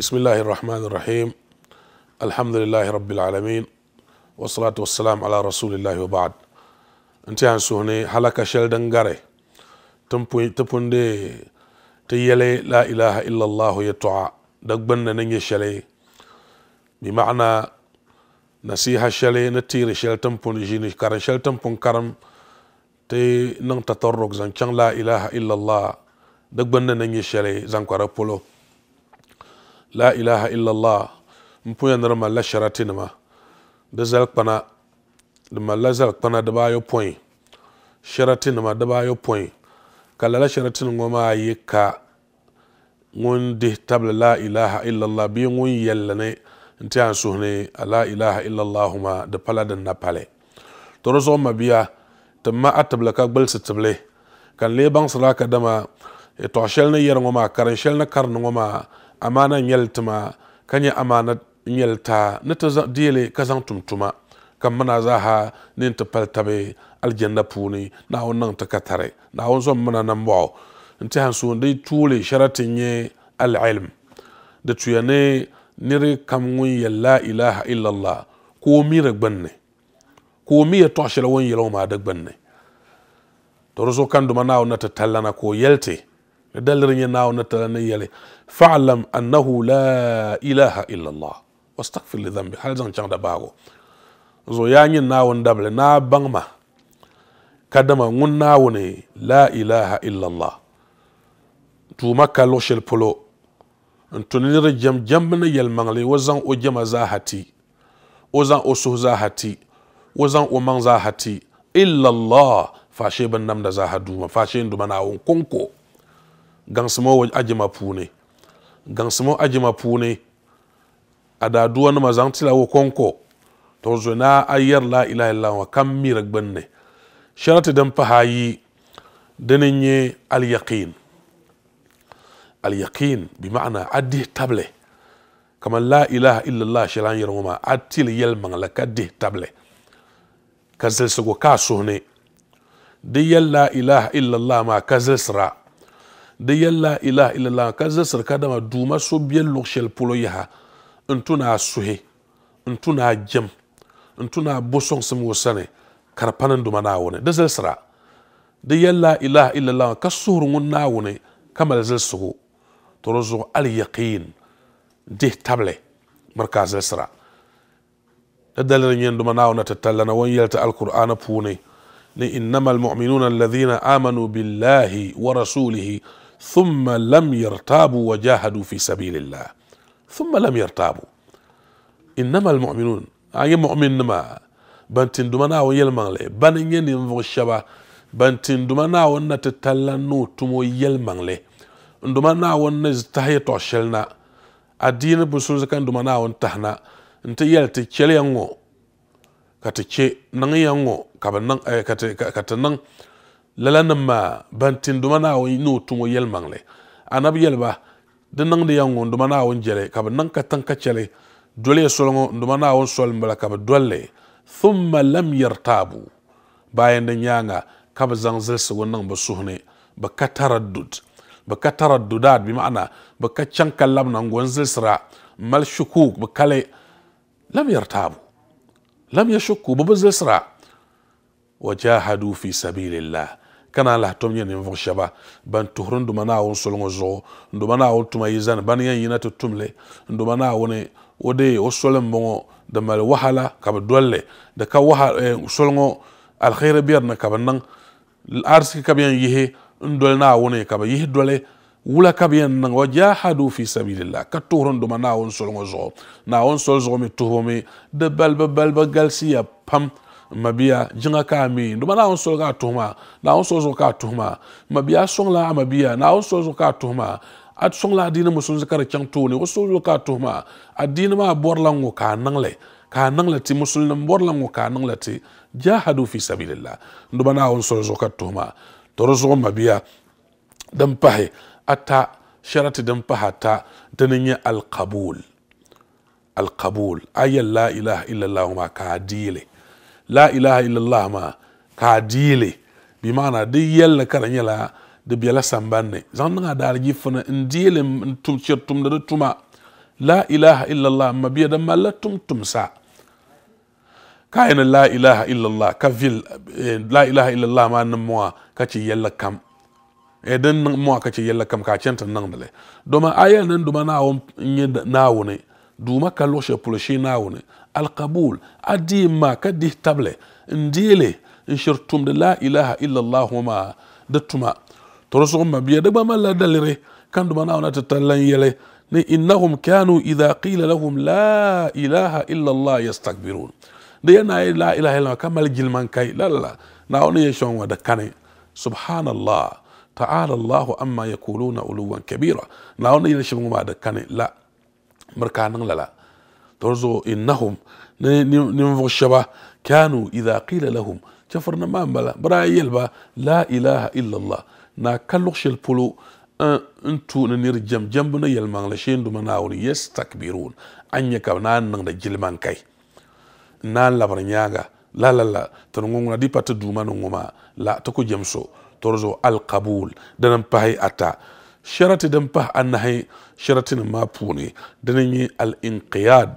بسم الله الرحمن الرحيم الحمد لله رب العالمين والصلاة والسلام على رسول الله وبعد انتي عن سوهني حلقة شلدن غاري دي تيالي لا إله إلا الله يتعى دقبن ننجي شلي بمعنى نسيها شلي نتيري شل تنبون جيني كارن شل تنبون كرم تي نن تطرق زن لا إله إلا الله دقبن ننجي شلي زن كارا la ilaha illallah n puyã nir malla sharati nima di zal kpana di malla zal kpana dibaayopoin sharati nima dibaayopoin ka lala sharati nim ŋɔ maa yi ka ŋun dihi tabili la ilaha illallah bee ŋun yɛlli ni n ti yɛn suhi ni a la ilaha illallah ma di pala din na pale to di zuɣu ma biya ti ma a tibili ka gbulisi tibili ka n lee baŋsira ka dama e tɔɣu shɛli ni yɛri ŋo maa karin shɛli ni karini ŋɔ maa amana nyɛl tima ka nyɛ amana nyɛl taa ni ti diili ka zaŋ tumtuma tuma kam mina zaaha nin ti pali tabi aljanna puuni naawuni niŋ ti ka tari naawuni zom mina nan bɔɣu n tiɛha suun di tuuli sharati n nyɛ alilm di tuya ni niri kam ŋun yɛ la ilaha illallah ko mi di gbunni ka o mi yɛ tɔɣu shɛli ŋun yɛli o maa di gbunni to di kan duma na ti tali lana ko o دلرني ناو نتلني فاعلم أنه لا إله إلا الله واستغفر لذنبك هل زن شان دباغو زو يعني ناو ندبل نا بانما كدما نون ناوني لا إله إلا الله توما كالوش البلو نتنير جم جمبنا يلمغلي وزن أجم زاهتي وزن أسه زاهتي وزن أمان زاهتي إلا الله فاشي بنام دا زاهدوما فاشي ندوما ناون كونكو gansmo ajima puuni gansmo ajima puuni ada duwa nima zaŋ tila wo konko to zona a yɛri la ilaha illallah kam miri gbunni sharati din pahi ayi dini n nyɛ alyaqin alyaqin bi ma'ana a dihi tabili kamar la ilaha illallah shɛli an yɛri ŋɔ maa a tili yɛlimaŋli ka dihi tabili ka zilisigu ka a di yɛli la ilaha illallah maa ka zilisira de yella ila illallah ka zesir ka dama duuma so biɛl luɣu shɛli polo yaha n tu naa suhi n tu naa jɛm n tu naa bo sɔŋsim wo sani ka ilaha illallah ka suhuri ŋun naawuni ka mali zilisigu to di zuɣu aliyaqiin dihi tabili miri ka zilisira duma naawuni titali na wan yɛli ti alkur'ana ni innama almu'minuna alladhina amanu billahi wa rasulihi thumma lam yartabu wa jahadu fi sabilillah thumma lam yartabu innama almu'minun ange mu'min nima bantin duma na wo yelmangle banin ye nin vog shaba bantin duma na wo na talla no tumo yelmangle duma na wo na tahye to shelna adini busul zakan na wo tahna nti yel ti chele yango ka ti che nang yango ka ba nang ka ti ka ti nang lala nim maa ban tin duma naawuni ni o tuŋo yɛli maŋli anabi yɛliba di niŋdi ya ŋɔ duma naawuni jɛli ka bi niŋ ka tiŋ ka chɛli doli ya soli ŋɔ duma naawuni soli n bala ka bi dolli thumma lam taabu bayan di nyaanga ka bi zaŋ zilisigu niŋ bi suhuni bi ka taraddud bi ka taraddudaad bi maana bi ka chaŋ ka n nangon zilisira n mali shukuk bi kali lam taabu lam yashukku bi bi zilisira وجاهدوا في سبيل الله kana la tom nyɛ ninvuɣu shɛba ban tuhiri n duma naawuni soliŋɔ zuɣu n duma naawuni tuma yi zani ban yɛn yina ti tumli n duma naawuni o de o soli n bɔŋɔ di mali wahala ka bi dolli di ka soliŋɔ alkhairi bɛ dinni ka bi niŋ arsiki ka bi yɛn yihi n doli naawuni ka bi yihi doli wula ka bi yɛn niŋ wa jahadu fi sabilillah ka tuhiri n duma naawuni soliŋɔ zuɣu naawuni soli zuɣu mi tuhubu mi di balibu balibu galisiya pam mabiya jiŋa ka a mii di ba naawuni ka a tuhuma naawuni soli zuɣu ka a tuhuma mabiya sɔŋla a mabiya naawuni soli zuɣu ka a tuhuma a sɔŋla adiini musulunsi ka di chaŋ tooni o soli zuɣu ka a tuhuma adiini maa bɔrila ŋɔ ka a niŋli ka a niŋli ti musulin bɔrila ŋɔ ka a niŋli ti jahadu fi sabilillah la ba naawuni soli zuɣu ka tuhuma to di zuɣu mabiya din pahi ata sharati din pahi ata dini n nyɛ alqabul alqabul a yɛli la ilaha illallah maa ka a diili la ilaha illallah ma ka diile bi maana di yɛlli ka di nyɛla di bɛla sambanni zaŋ niŋa daaligi funi n diili n shiri tumdi di tuma la ilaha illallah ma biya di malila sa ka ni la ilaha illallah ka vil eh, la ilaha illallah ma ni mɔa ka ci yɛlli kam eh, din niŋ mɔa ka ci yɛlli kam ka chɛn ti niŋdi li domi a yɛli nin duma naawuni n nyɛ naawuni duuma ka luɣu shɛli polo shee naawuni alkabul adi ma kadi table ndile nshir tumde la ilaha datuma torosog ma biya dagba ma la dalire kanduma na ni innahum kanu idha qila lahum la ilaha illa allah yastakbirun da yana yi la ilaha illa kamal gilman kai lalla na ona ya shon wada kane subhanallah ta'ala allah amma yaquluna uluwan kabira na shon kane la markanin lala ترزو إنهم ننفغ الشبه كانوا إذا قيل لهم كفرنا ما ملا برا يلبا لا إله إلا الله نا كلغش البلو انتو نير جم جنبنا يلمان لشين دو مناوري يستكبرون أن يكبنا نن جلمان كي نان لبرنياغا لا لا لا تنغونا دي بات دوما نغوما لا تكو جمسو ترزو القبول دنن باهي أتا شرط دنبه أنهي شرط ما بوني دنن الانقياد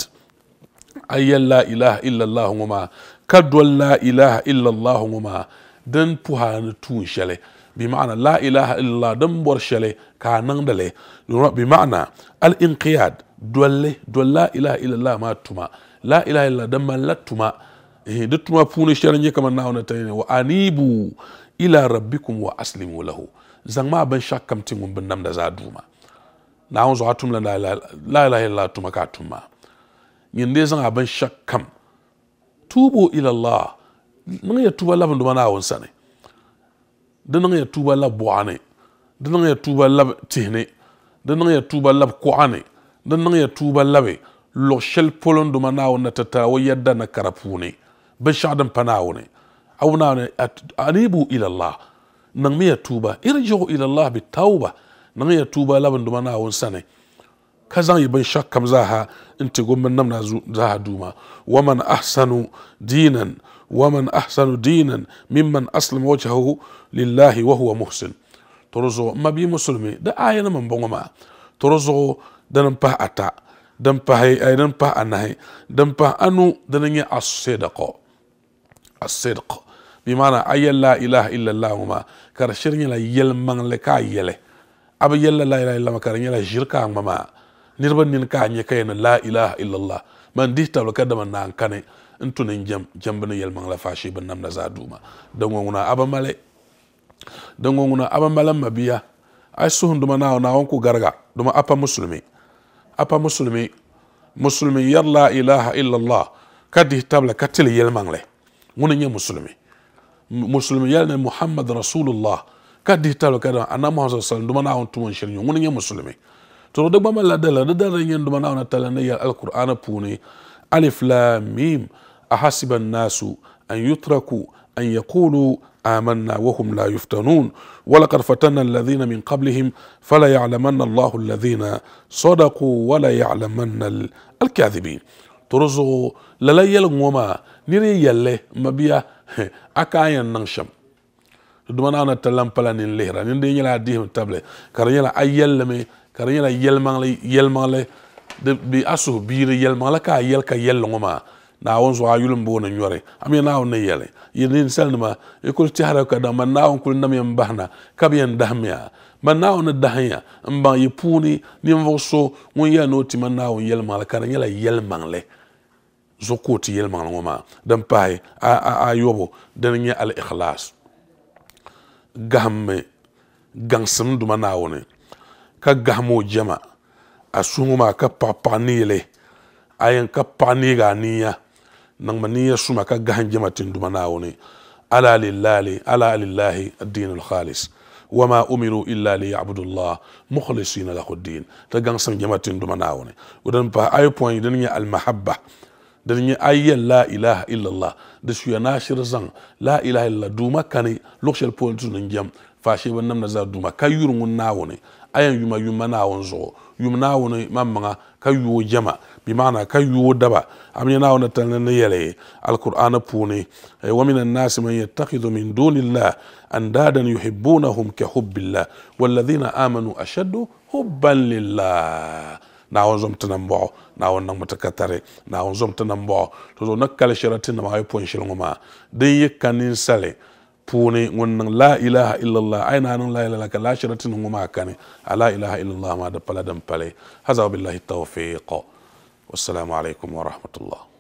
ayyan la ilaha illallah ngoma kadwal la ilaha illallah ngoma dan puhana tun shale bi ma'ana la ilaha illallah dan bor shale ka nan dale bi ma'ana al inqiyad dwalle dwal la ilaha illallah ma tuma la ilaha illallah dan mallatuma eh da tuma puni shale ne kamar na wannan tayne wa anibu ila rabbikum wa aslimu lahu zan ma ban shakkam tingun bin nam da za duma na wanzu hatum la ilaha illallah tuma ka tuma Yin de zan abin shakkam tubu ila Allah nan ya tuba labin duma na wansa ne da nan ya tuba lab bu'a ne da nan ya tuba lab tihne da nan ya tuba lab ku'a ne da nan ya tuba labe loshel polon duma na wanna tatawa yadda na karafu ne bin sha'adin fanawo ne auna ne anibu ila Allah nan ya tuba irji'u ila Allah bi tauba nan ya tuba labin duma na wansa ne kazan iban shakkam za ha inti gomman namna za ha duma waman ahsanu dinan waman ahsanu dinan mimman aslama wajhahu lillahi wa huwa muhsin torozo ma bi musulmi da ayana man bongo ma torozo dan pa ata dan pa hay ay dan pa anahi dan pa anu dan ngi as-sidqa as-sidq bi mana ayya la ilaha illa allah ma kar shirni la yel man le ka yele ab yella la ilaha illa ma kar yela shirka ma niraba nin ka nyɛ ka yɛna la ilaha illallah man dihi tabili ka dama naan kani n tu ni jɛm jɛmbu ni yɛlimaŋla faashee bin namda zaa duuma din ŋɔŋuna aba mali din ŋɔŋuna aba mali ma biya a suhun duma naa naawun ku garga duma apa musulmi apa musulmi musulmi yɛri la ilaha illallah ka dihi tabili ka tili yɛlimaŋli ŋuni nyɛ musulmi musulmi yɛli ni muhammad rasulullah ka dihi tabili ka dama annabi muhammad sallallahu alaihi wasallam duma naawun tum n shiri nyɛ ŋuni nyɛ musulmi toro da gbama la dala da dala yin duma nauna tala na yal alqur'ana puni alif lam mim ahasiba an-nasu آمنا وهم لا يفتنون ولقد فتنا الذين من قبلهم فلا يعلمن الله الذين صدقوا ولا يعلمن الكاذبين ترزو لليل وما نري يلي مبيا أكايا ننشم دمنا أنا تلام بلا نلهرا نندي يلا ديهم تبلي كرنيلا أيلمي ka di nyɛla yɛlimaŋli di a de bi aso ka a yɛli ka yɛli ŋɔ maa naawuni zuɣu a yulim booni nyɔri a mi naawuni ni yɛli yi ninsal nima i kuli tɛhara ka daŋ ma naawuni kuli nam kab bahina ka man na won ma mba dahinya n baŋ yi puuni ninvuɣu so ŋun man ni o ti ma naawuni yɛlimaŋli ka di nyɛla yɛlimaŋli ngoma yɛlimaŋli pay a din pahi yobo din nyɛ al-ikhlas gamme gansam duma naawuni ka gahamo jama a sũgma ka pag pag neele a yen ka pag neega a niya nangma niya sũma ka gasn وما أمروا إلا ليعبدوا الله مخلصين له الدين تجان سن جماعة دم ودن با أي بوين دنيا المحبة دنيا أي لا إله إلا الله دشو ناشر زن لا إله إلا دوما كاني لوكش البول تنجم فاشي ونم نزار دوما كيور ناوني ayan yuma yuma na won zo yuma na won mamma ka yuwo jama bi mana ka yuwo daba amina na won tan ne yele alquran puni wa minan nas man yattakhidhu min dunillah andadan yuhibbunahum ka hubbillah walladhina amanu ashaddu hubban lillah na won zom tan mbo na won nang mata na won zom tan mbo to zo nakal sharatin ma ay pon shilnguma de yikanin sale puni wannan la ilaha illallah aina hanan la ilaha la shiratin huma kane ala ilaha illallah ma da paladan pale haza billahi tawfiq wassalamu alaikum wa rahmatullah